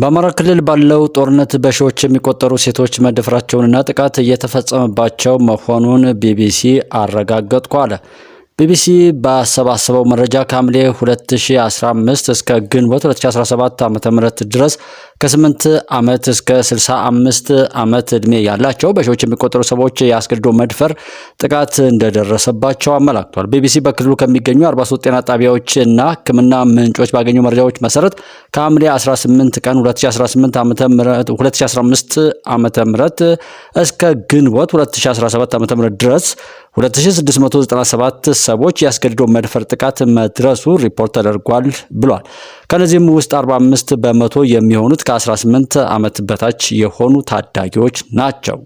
በአማራ ክልል ባለው ጦርነት በሺዎች የሚቆጠሩ ሴቶች መደፈራቸውንና ጥቃት እየተፈጸመባቸው መሆኑን ቢቢሲ አረጋገጥኩ አለ። ቢቢሲ ባሰባሰበው መረጃ ከሐምሌ 2015 እስከ ግንቦት 2017 ዓ.ም ድረስ ከስምንት ዓመት እስከ ስልሳ አምስት ዓመት ዕድሜ ያላቸው በሺዎች የሚቆጠሩ ሰዎች የአስገድዶ መድፈር ጥቃት እንደደረሰባቸው አመላክቷል። ቢቢሲ በክልሉ ከሚገኙ 43 ጤና ጣቢያዎች እና ሕክምና ምንጮች ባገኙ መረጃዎች መሰረት ከሐምሌ 18 ቀን 2015 ዓ ም እስከ ግንቦት 2017 ዓ ም ድረስ 2697 ሰዎች የአስገድዶ መድፈር ጥቃት መድረሱ ሪፖርት ተደርጓል ብሏል። ከነዚህም ውስጥ 45 በመቶ የሚሆኑት እስከ 18 ዓመት በታች የሆኑ ታዳጊዎች ናቸው።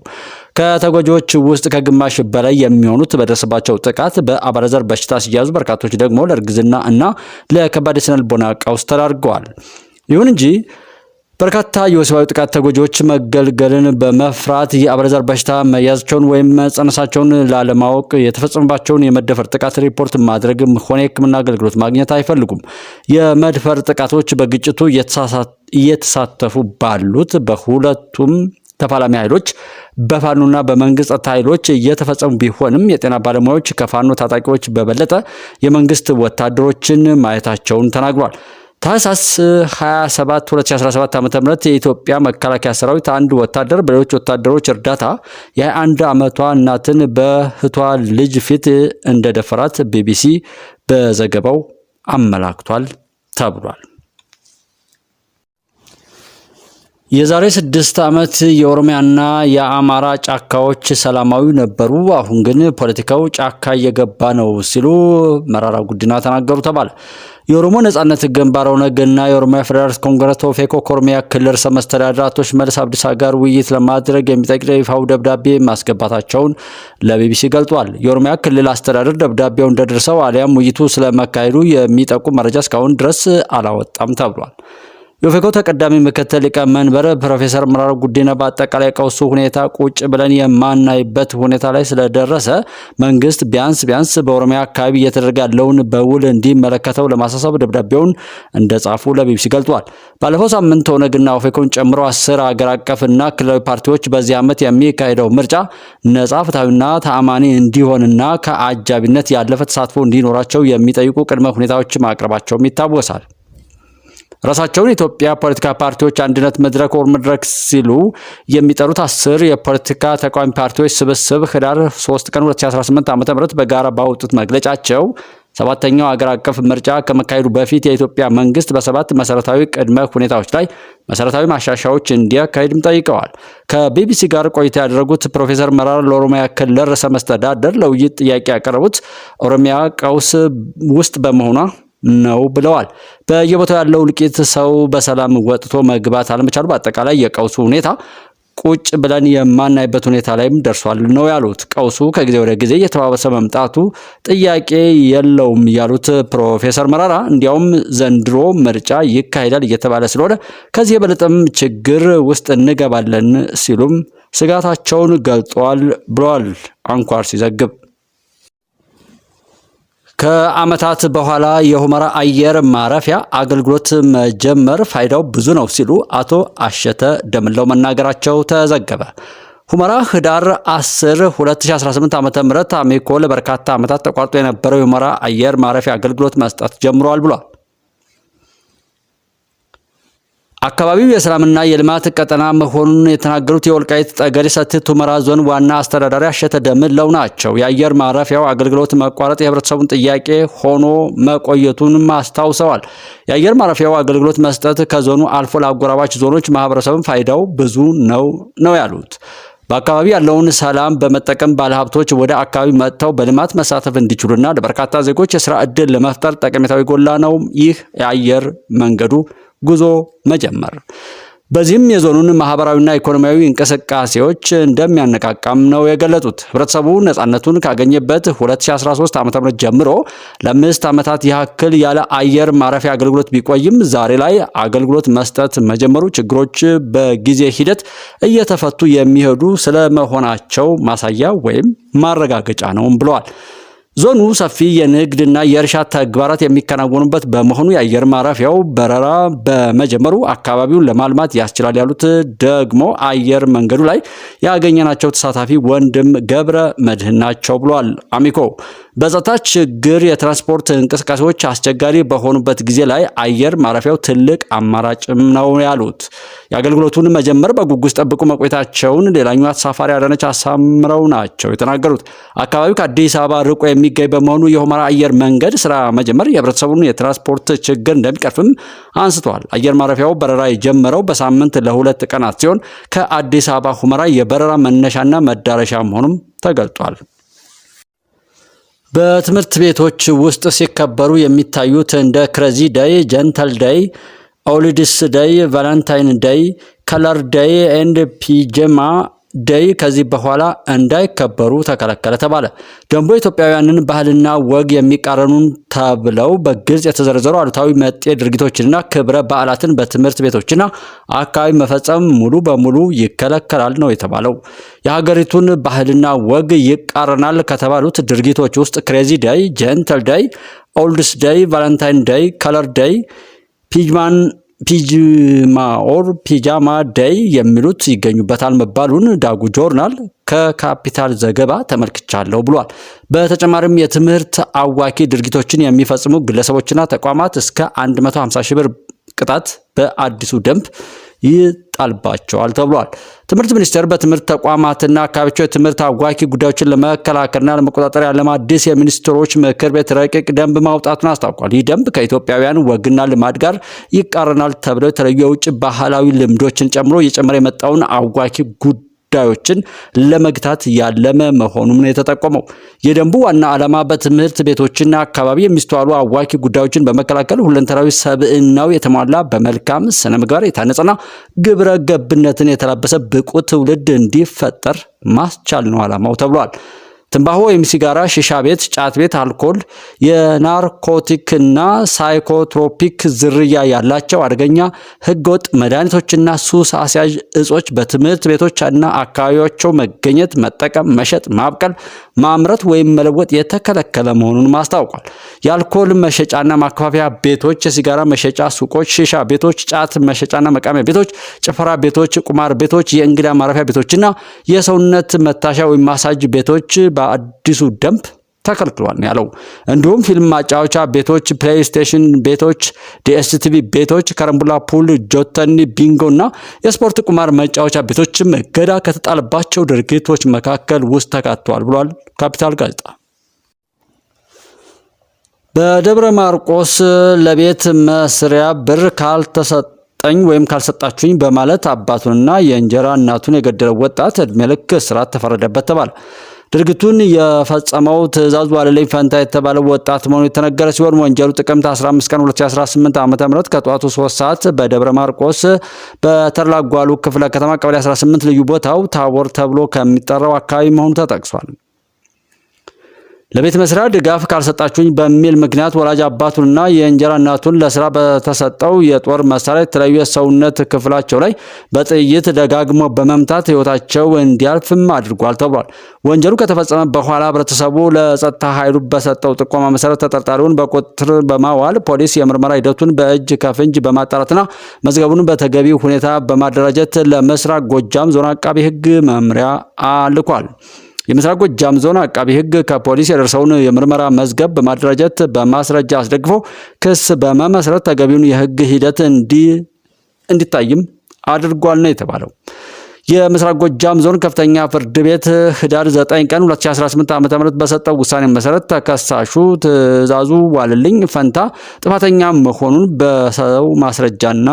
ከተጎጂዎች ውስጥ ከግማሽ በላይ የሚሆኑት በደረሰባቸው ጥቃት በአባለ በሽታ ሲያዙ፣ በርካቶች ደግሞ ለእርግዝና እና ለከባድ የስነ ልቦና ቀውስ ተዳርገዋል። ይሁን እንጂ በርካታ የወሲባዊ ጥቃት ተጎጂዎች መገልገልን በመፍራት የአባለዘር በሽታ መያዛቸውን ወይም መጸነሳቸውን ላለማወቅ የተፈጸመባቸውን የመደፈር ጥቃት ሪፖርት ማድረግ ሆነ የሕክምና አገልግሎት ማግኘት አይፈልጉም። የመድፈር ጥቃቶች በግጭቱ እየተሳተፉ ባሉት በሁለቱም ተፋላሚ ኃይሎች በፋኖና በመንግስት ጸጥታ ኃይሎች እየተፈጸሙ ቢሆንም የጤና ባለሙያዎች ከፋኖ ታጣቂዎች በበለጠ የመንግስት ወታደሮችን ማየታቸውን ተናግሯል። ታህሳስ 27 2017 ዓ ም የኢትዮጵያ መከላከያ ሰራዊት አንድ ወታደር በሌሎች ወታደሮች እርዳታ የአንድ ዓመቷ እናትን በህቷ ልጅ ፊት እንደደፈራት ቢቢሲ በዘገባው አመላክቷል ተብሏል። የዛሬ ስድስት ዓመት የኦሮሚያና የአማራ ጫካዎች ሰላማዊ ነበሩ። አሁን ግን ፖለቲካው ጫካ እየገባ ነው ሲሉ መራራ ጉዲና ተናገሩ ተባለ። የኦሮሞ ነጻነት ግንባር ኦነግና የኦሮሚያ ፌዴራሊስት ኮንግረስ ኦፌኮ ከኦሮሚያ ክልል ርዕሰ መስተዳድር አቶ ሽመልስ አብዲሳ ጋር ውይይት ለማድረግ የሚጠይቅ ይፋው ደብዳቤ ማስገባታቸውን ለቢቢሲ ገልጧል። የኦሮሚያ ክልል አስተዳደር ደብዳቤው እንደደረሰው አሊያም ውይይቱ ስለመካሄዱ የሚጠቁም መረጃ እስካሁን ድረስ አላወጣም ተብሏል። የኦፌኮ ተቀዳሚ ምክትል ሊቀመንበር ፕሮፌሰር ምራር ጉዲና በአጠቃላይ ቀውሱ ሁኔታ ቁጭ ብለን የማናይበት ሁኔታ ላይ ስለደረሰ መንግስት ቢያንስ ቢያንስ በኦሮሚያ አካባቢ እየተደረገ ያለውን በውል እንዲመለከተው ለማሳሰብ ደብዳቤውን እንደጻፉ ለቢቢሲ ገልጿል። ባለፈው ሳምንት ኦነግና ኦፌኮን ጨምሮ አስር አገር አቀፍና ክልላዊ ፓርቲዎች በዚህ ዓመት የሚካሄደው ምርጫ ነጻ፣ ፍትሐዊና ተአማኒ እንዲሆንና ከአጃቢነት ያለፈ ተሳትፎ እንዲኖራቸው የሚጠይቁ ቅድመ ሁኔታዎች ማቅረባቸውም ይታወሳል። ራሳቸውን የኢትዮጵያ ፖለቲካ ፓርቲዎች አንድነት መድረክ ወር መድረክ ሲሉ የሚጠሩት አስር የፖለቲካ ተቃዋሚ ፓርቲዎች ስብስብ ህዳር 3 ቀን 2018 ዓ ም በጋራ ባወጡት መግለጫቸው ሰባተኛው አገር አቀፍ ምርጫ ከመካሄዱ በፊት የኢትዮጵያ መንግስት በሰባት መሰረታዊ ቅድመ ሁኔታዎች ላይ መሰረታዊ ማሻሻዎች እንዲያካሄድም ጠይቀዋል። ከቢቢሲ ጋር ቆይታ ያደረጉት ፕሮፌሰር መራራ ለኦሮሚያ ክልል ርዕሰ መስተዳደር ለውይይት ጥያቄ ያቀረቡት ኦሮሚያ ቀውስ ውስጥ በመሆኗ ነው ብለዋል። በየቦታው ያለው እልቂት ሰው በሰላም ወጥቶ መግባት አለመቻሉ በአጠቃላይ የቀውሱ ሁኔታ ቁጭ ብለን የማናይበት ሁኔታ ላይም ደርሷል ነው ያሉት። ቀውሱ ከጊዜ ወደ ጊዜ እየተባበሰ መምጣቱ ጥያቄ የለውም ያሉት ፕሮፌሰር መራራ እንዲያውም ዘንድሮ ምርጫ ይካሄዳል እየተባለ ስለሆነ ከዚህ የበለጠም ችግር ውስጥ እንገባለን ሲሉም ስጋታቸውን ገልጧል ብሏል አንኳር ሲዘግብ ከዓመታት በኋላ የሁመራ አየር ማረፊያ አገልግሎት መጀመር ፋይዳው ብዙ ነው ሲሉ አቶ አሸተ ደምለው መናገራቸው ተዘገበ። ሁመራ ህዳር 10 2018 ዓ ም አሜኮ ለበርካታ ዓመታት ተቋርጦ የነበረው የሁመራ አየር ማረፊያ አገልግሎት መስጠት ጀምሯል ብሏል። አካባቢው የሰላምና የልማት ቀጠና መሆኑን የተናገሩት የወልቃይት ጠገዴ ሰቲት ሁመራ ዞን ዋና አስተዳዳሪ አሸተ ደምለው ናቸው። የአየር ማረፊያው አገልግሎት መቋረጥ የህብረተሰቡን ጥያቄ ሆኖ መቆየቱንም አስታውሰዋል። የአየር ማረፊያው አገልግሎት መስጠት ከዞኑ አልፎ ለአጎራባች ዞኖች ማህበረሰብን ፋይዳው ብዙ ነው ነው ያሉት በአካባቢ ያለውን ሰላም በመጠቀም ባለሀብቶች ወደ አካባቢ መጥተው በልማት መሳተፍ እንዲችሉና ለበርካታ ዜጎች የስራ እድል ለመፍጠር ጠቀሜታዊ ጎላ ነው። ይህ የአየር መንገዱ ጉዞ መጀመር። በዚህም የዞኑን ማህበራዊና ኢኮኖሚያዊ እንቅስቃሴዎች እንደሚያነቃቃም ነው የገለጹት። ህብረተሰቡ ነፃነቱን ካገኘበት 2013 ዓ ም ጀምሮ ለአምስት ዓመታት ያክል ያለ አየር ማረፊያ አገልግሎት ቢቆይም ዛሬ ላይ አገልግሎት መስጠት መጀመሩ ችግሮች በጊዜ ሂደት እየተፈቱ የሚሄዱ ስለመሆናቸው ማሳያ ወይም ማረጋገጫ ነውም ብለዋል። ዞኑ ሰፊ የንግድና የእርሻ ተግባራት የሚከናወኑበት በመሆኑ የአየር ማረፊያው በረራ በመጀመሩ አካባቢውን ለማልማት ያስችላል ያሉት ደግሞ አየር መንገዱ ላይ ያገኘናቸው ተሳታፊ ወንድም ገብረ መድህን ናቸው ብሏል። አሚኮ በጸጥታ ችግር የትራንስፖርት እንቅስቃሴዎች አስቸጋሪ በሆኑበት ጊዜ ላይ አየር ማረፊያው ትልቅ አማራጭም ነው ያሉት የአገልግሎቱን መጀመር በጉጉስ ጠብቁ መቆየታቸውን ሌላኛ አሳፋሪ አዳነች አሳምረው ናቸው የተናገሩት። አካባቢው ከአዲስ አበባ ርቆ የሚገኝ በመሆኑ የሁመራ አየር መንገድ ስራ መጀመር የህብረተሰቡን የትራንስፖርት ችግር እንደሚቀርፍም አንስተዋል። አየር ማረፊያው በረራ የጀመረው በሳምንት ለሁለት ቀናት ሲሆን ከአዲስ አበባ ሁመራ የበረራ መነሻና መዳረሻ መሆኑም ተገልጧል። በትምህርት ቤቶች ውስጥ ሲከበሩ የሚታዩት እንደ ክሬዚ ዳይ፣ ጀንተል ዳይ፣ ኦልዲስ ዳይ፣ ቫለንታይን ዳይ፣ ከለር ዳይ ኤንድ ፒጀማ ደይ ከዚህ በኋላ እንዳይከበሩ ተከለከለ ተባለ። ደንቡ ኢትዮጵያውያንን ባህልና ወግ የሚቃረኑን ተብለው በግልጽ የተዘረዘሩ አሉታዊ መጤ ድርጊቶችንና ክብረ በዓላትን በትምህርት ቤቶችና አካባቢ መፈጸም ሙሉ በሙሉ ይከለከላል ነው የተባለው። የሀገሪቱን ባህልና ወግ ይቃረናል ከተባሉት ድርጊቶች ውስጥ ክሬዚ ደይ፣ ጀንተል ደይ፣ ኦልድስ ደይ፣ ቫለንታይን ደይ፣ ከለር ደይ፣ ፒጅማን ፒጅማኦር ፒጃማ ደይ የሚሉት ይገኙበታል መባሉን ዳጉ ጆርናል ከካፒታል ዘገባ ተመልክቻለሁ ብሏል። በተጨማሪም የትምህርት አዋኪ ድርጊቶችን የሚፈጽሙ ግለሰቦችና ተቋማት እስከ 150 ሺህ ብር ቅጣት በአዲሱ ደንብ ይጣልባቸዋል ተብሏል። ትምህርት ሚኒስቴር በትምህርት ተቋማትና አካባቢዎች የትምህርት አጓኪ ጉዳዮችን ለመከላከልና ለመቆጣጠር ያለም አዲስ የሚኒስትሮች ምክር ቤት ረቂቅ ደንብ ማውጣቱን አስታውቋል። ይህ ደንብ ከኢትዮጵያውያን ወግና ልማድ ጋር ይቃረናል ተብለው የተለዩ የውጭ ባህላዊ ልምዶችን ጨምሮ እየጨመረ የመጣውን አጓኪ ጉዳ ጉዳዮችን ለመግታት ያለመ መሆኑም ነው የተጠቆመው። የደንቡ ዋና ዓላማ በትምህርት ቤቶችና አካባቢ የሚስተዋሉ አዋኪ ጉዳዮችን በመከላከል ሁለንተናዊ ሰብዕናው የተሟላ በመልካም ስነ ምግባር የታነጸና ግብረ ገብነትን የተላበሰ ብቁ ትውልድ እንዲፈጠር ማስቻል ነው ዓላማው ተብሏል። ትንባሆ ወይም ሲጋራ፣ ሺሻ ቤት፣ ጫት ቤት፣ አልኮል፣ የናርኮቲክና ሳይኮትሮፒክ ዝርያ ያላቸው አደገኛ ህገወጥ መድኃኒቶችና ሱስ አስያዥ እጾች በትምህርት ቤቶችና አካባቢዎቸው መገኘት፣ መጠቀም፣ መሸጥ፣ ማብቀል፣ ማምረት ወይም መለወጥ የተከለከለ መሆኑን አስታውቋል። የአልኮል መሸጫና ማከፋፊያ ቤቶች፣ የሲጋራ መሸጫ ሱቆች፣ ሺሻ ቤቶች፣ ጫት መሸጫና መቃሚያ ቤቶች፣ ጭፈራ ቤቶች፣ ቁማር ቤቶች፣ የእንግዳ ማረፊያ ቤቶችና የሰውነት መታሻ ወይም ማሳጅ ቤቶች በአዲሱ ደንብ ተከልክሏል ያለው። እንዲሁም ፊልም ማጫወቻ ቤቶች፣ ፕሌይስቴሽን ቤቶች፣ ዲኤስቲቪ ቤቶች፣ ከረምቡላ፣ ፑል፣ ጆተኒ፣ ቢንጎ እና የስፖርት ቁማር መጫወቻ ቤቶችም እገዳ ከተጣለባቸው ድርጊቶች መካከል ውስጥ ተካተዋል ብሏል ካፒታል ጋዜጣ። በደብረ ማርቆስ ለቤት መስሪያ ብር ካልተሰጠኝ ወይም ካልሰጣችሁኝ በማለት አባቱንና የእንጀራ እናቱን የገደለው ወጣት እድሜ ልክ እስራት ተፈረደበት ተባለ። ድርጊቱን የፈጸመው ትእዛዙ አለለኝ ፈንታ የተባለው ወጣት መሆኑ የተነገረ ሲሆን ወንጀሉ ጥቅምት 15 ቀን 2018 ዓ ም ከጠዋቱ 3 ሰዓት በደብረ ማርቆስ በተላጓሉ ክፍለ ከተማ ቀበሌ 18 ልዩ ቦታው ታቦር ተብሎ ከሚጠራው አካባቢ መሆኑ ተጠቅሷል። ለቤት መስሪያ ድጋፍ ካልሰጣችሁኝ በሚል ምክንያት ወላጅ አባቱንና የእንጀራ እናቱን ለስራ በተሰጠው የጦር መሳሪያ የተለያዩ የሰውነት ክፍላቸው ላይ በጥይት ደጋግሞ በመምታት ህይወታቸው እንዲያልፍም አድርጓል ተብሏል። ወንጀሉ ከተፈጸመ በኋላ ህብረተሰቡ ለጸጥታ ኃይሉ በሰጠው ጥቆማ መሰረት ተጠርጣሪውን በቁጥር በማዋል ፖሊስ የምርመራ ሂደቱን በእጅ ከፍንጅ በማጣራትና መዝገቡን በተገቢ ሁኔታ በማደራጀት ለምስራቅ ጎጃም ዞን አቃቢ ህግ መምሪያ አልኳል። የምስራቅ ጎጃም ዞን አቃቢ ህግ ከፖሊስ የደረሰውን የምርመራ መዝገብ በማደራጀት በማስረጃ አስደግፎ ክስ በመመስረት ተገቢውን የህግ ሂደት እንዲታይም አድርጓል ነው የተባለው። የምስራቅ ጎጃም ዞን ከፍተኛ ፍርድ ቤት ህዳር 9 ቀን 2018 ዓ.ም በሰጠው ውሳኔ መሰረት ተከሳሹ ትእዛዙ ዋልልኝ ፈንታ ጥፋተኛ መሆኑን በሰው ማስረጃና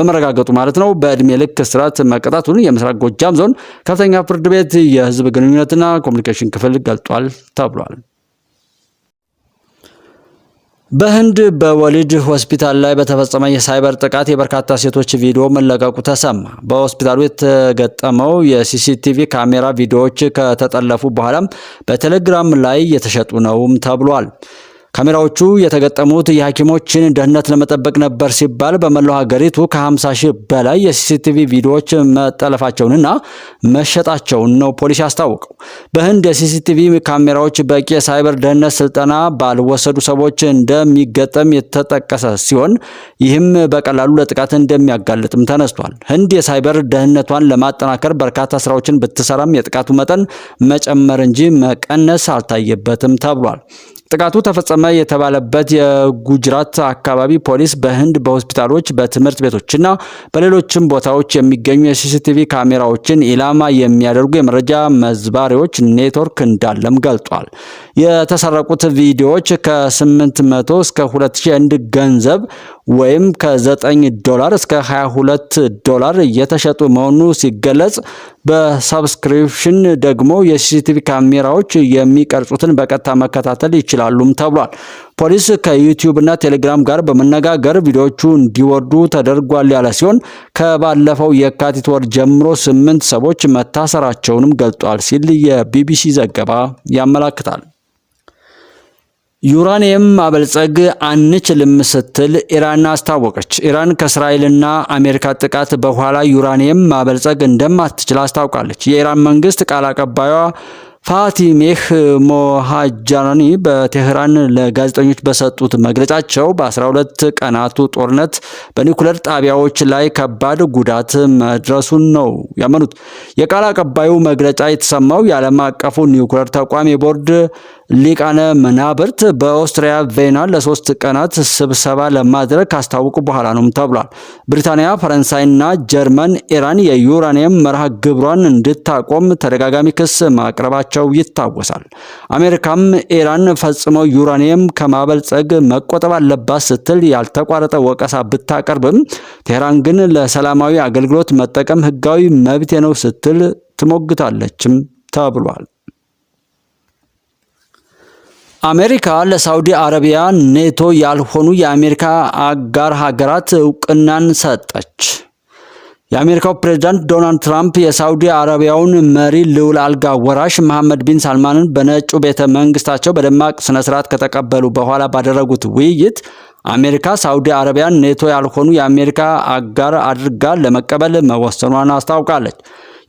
በመረጋገጡ ማለት ነው በእድሜ ልክ እስራት መቀጣቱን የምስራቅ ጎጃም ዞን ከፍተኛ ፍርድ ቤት የህዝብ ግንኙነትና ኮሚኒኬሽን ክፍል ገልጧል ተብሏል። በህንድ በወሊድ ሆስፒታል ላይ በተፈጸመ የሳይበር ጥቃት የበርካታ ሴቶች ቪዲዮ መለቀቁ ተሰማ። በሆስፒታሉ የተገጠመው የሲሲቲቪ ካሜራ ቪዲዮዎች ከተጠለፉ በኋላም በቴሌግራም ላይ የተሸጡ ነውም ተብሏል። ካሜራዎቹ የተገጠሙት የሐኪሞችን ደህንነት ለመጠበቅ ነበር ሲባል በመላው ሀገሪቱ ከ50 ሺህ በላይ የሲሲቲቪ ቪዲዮዎች መጠለፋቸውንና መሸጣቸውን ነው ፖሊስ ያስታወቀው። በህንድ የሲሲቲቪ ካሜራዎች በቂ የሳይበር ደህንነት ስልጠና ባልወሰዱ ሰዎች እንደሚገጠም የተጠቀሰ ሲሆን ይህም በቀላሉ ለጥቃት እንደሚያጋልጥም ተነስቷል። ህንድ የሳይበር ደህንነቷን ለማጠናከር በርካታ ስራዎችን ብትሰራም የጥቃቱ መጠን መጨመር እንጂ መቀነስ አልታየበትም ተብሏል። ጥቃቱ ተፈጸመ የተባለበት የጉጅራት አካባቢ ፖሊስ በህንድ በሆስፒታሎች፣ በትምህርት ቤቶችና በሌሎችም ቦታዎች የሚገኙ የሲሲቲቪ ካሜራዎችን ኢላማ የሚያደርጉ የመረጃ መዝባሪዎች ኔትወርክ እንዳለም ገልጧል። የተሰረቁት ቪዲዮዎች ከ800 እስከ 2000 የህንድ ገንዘብ ወይም ከ9 ዶላር እስከ 22 ዶላር እየተሸጡ መሆኑ ሲገለጽ በሰብስክሪፕሽን ደግሞ የሲሲቲቪ ካሜራዎች የሚቀርጹትን በቀጥታ መከታተል ይችላሉም ተብሏል። ፖሊስ ከዩቲዩብ እና ቴሌግራም ጋር በመነጋገር ቪዲዮዎቹ እንዲወርዱ ተደርጓል ያለ ሲሆን ከባለፈው የካቲት ወር ጀምሮ ስምንት ሰዎች መታሰራቸውንም ገልጧል ሲል የቢቢሲ ዘገባ ያመላክታል። ዩራኒየም ማበልጸግ አንችልም ስትል ኢራን አስታወቀች። ኢራን ከእስራኤልና አሜሪካ ጥቃት በኋላ ዩራኒየም ማበልጸግ እንደማትችል አስታውቃለች። የኢራን መንግስት ቃል አቀባዩዋ ፋቲሜህ ሞሃጃኒ በቴህራን ለጋዜጠኞች በሰጡት መግለጫቸው በ12 ቀናቱ ጦርነት በኒኩለር ጣቢያዎች ላይ ከባድ ጉዳት መድረሱን ነው ያመኑት። የቃል አቀባዩ መግለጫ የተሰማው የዓለም አቀፉ ኒኩለር ተቋም የቦርድ ሊቃነ መናብርት በኦስትሪያ ቬና ለሶስት ቀናት ስብሰባ ለማድረግ ካስታወቁ በኋላ ነው ተብሏል። ብሪታንያ፣ ፈረንሳይና ጀርመን ኢራን የዩራኒየም መርሃ ግብሯን እንድታቆም ተደጋጋሚ ክስ ማቅረባቸው ይታወሳል። አሜሪካም ኢራን ፈጽሞ ዩራኒየም ከማበልጸግ መቆጠብ አለባት ስትል ያልተቋረጠ ወቀሳ ብታቀርብም ቴህራን ግን ለሰላማዊ አገልግሎት መጠቀም ሕጋዊ መብቴ ነው ስትል ትሞግታለችም ተብሏል። አሜሪካ ለሳውዲ አረቢያ ኔቶ ያልሆኑ የአሜሪካ አጋር ሀገራት እውቅናን ሰጠች። የአሜሪካው ፕሬዝዳንት ዶናልድ ትራምፕ የሳውዲ አረቢያውን መሪ ልዑል አልጋ ወራሽ መሐመድ ቢን ሳልማንን በነጩ ቤተ መንግስታቸው በደማቅ ስነ ስርዓት ከተቀበሉ በኋላ ባደረጉት ውይይት አሜሪካ ሳውዲ አረቢያን ኔቶ ያልሆኑ የአሜሪካ አጋር አድርጋ ለመቀበል መወሰኗን አስታውቃለች።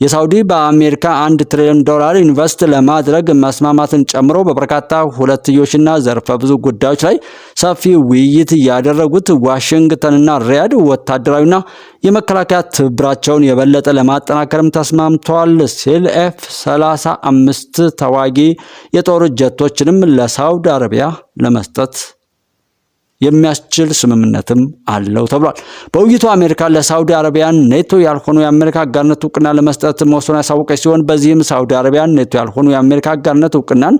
የሳውዲ በአሜሪካ አንድ ትሪሊዮን ዶላር ኢንቨስት ለማድረግ መስማማትን ጨምሮ በበርካታ ሁለትዮሽና ዘርፈ ብዙ ጉዳዮች ላይ ሰፊ ውይይት ያደረጉት ዋሽንግተንና ሪያድ ወታደራዊና የመከላከያ ትብብራቸውን የበለጠ ለማጠናከርም ተስማምተዋል ሲል ኤፍ 35 ተዋጊ የጦር ጀቶችንም ለሳውዲ አረቢያ ለመስጠት የሚያስችል ስምምነትም አለው ተብሏል። በውይይቱ አሜሪካ ለሳውዲ አረቢያን ኔቶ ያልሆኑ የአሜሪካ አጋርነት እውቅና ለመስጠት መወሰኑ ያሳወቀች ሲሆን በዚህም ሳውዲ አረቢያን ኔቶ ያልሆኑ የአሜሪካ አጋርነት እውቅናን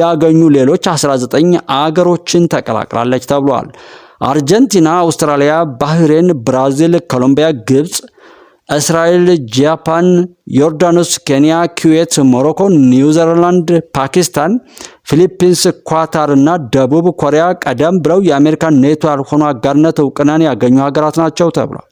ያገኙ ሌሎች 19 አገሮችን ተቀላቅላለች ተብሏል። አርጀንቲና፣ አውስትራሊያ፣ ባህሬን፣ ብራዚል፣ ኮሎምቢያ፣ ግብፅ እስራኤል፣ ጃፓን፣ ዮርዳኖስ፣ ኬንያ፣ ኩዌት፣ ሞሮኮ፣ ኒውዘርላንድ ፓኪስታን፣ ፊሊፒንስ፣ ኳታር እና ደቡብ ኮሪያ ቀደም ብለው የአሜሪካን ኔቶ ያልሆኑ አጋርነት እውቅናን ያገኙ ሀገራት ናቸው ተብሏል።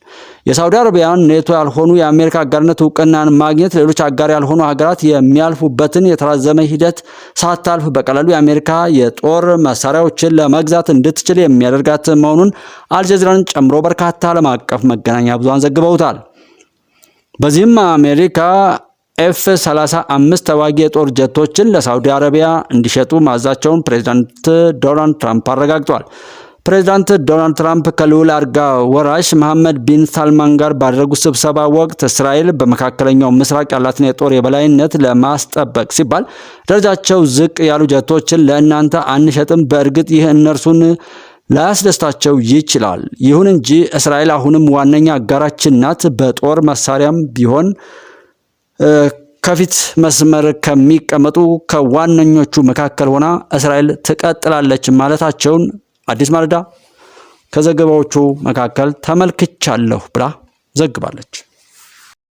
የሳውዲ አረቢያን ኔቶ ያልሆኑ የአሜሪካ አጋርነት እውቅናን ማግኘት ሌሎች አጋር ያልሆኑ ሀገራት የሚያልፉበትን የተራዘመ ሂደት ሳታልፍ በቀላሉ የአሜሪካ የጦር መሳሪያዎችን ለመግዛት እንድትችል የሚያደርጋት መሆኑን አልጀዚራን ጨምሮ በርካታ ዓለም አቀፍ መገናኛ ብዙሃን ዘግበውታል። በዚህም አሜሪካ ኤፍ 35 ተዋጊ የጦር ጀቶችን ለሳውዲ አረቢያ እንዲሸጡ ማዛቸውን ፕሬዚዳንት ዶናልድ ትራምፕ አረጋግጧል። ፕሬዚዳንት ዶናልድ ትራምፕ ከልዑል አልጋ ወራሽ መሐመድ ቢን ሳልማን ጋር ባደረጉት ስብሰባ ወቅት እስራኤል በመካከለኛው ምስራቅ ያላትን የጦር የበላይነት ለማስጠበቅ ሲባል ደረጃቸው ዝቅ ያሉ ጀቶችን ለእናንተ አንሸጥም፣ በእርግጥ ይህ እነርሱን ላያስደስታቸው ይችላል። ይሁን እንጂ እስራኤል አሁንም ዋነኛ አጋራችን ናት፣ በጦር መሳሪያም ቢሆን ከፊት መስመር ከሚቀመጡ ከዋነኞቹ መካከል ሆና እስራኤል ትቀጥላለች ማለታቸውን አዲስ ማለዳ ከዘገባዎቹ መካከል ተመልክቻለሁ ብላ ዘግባለች።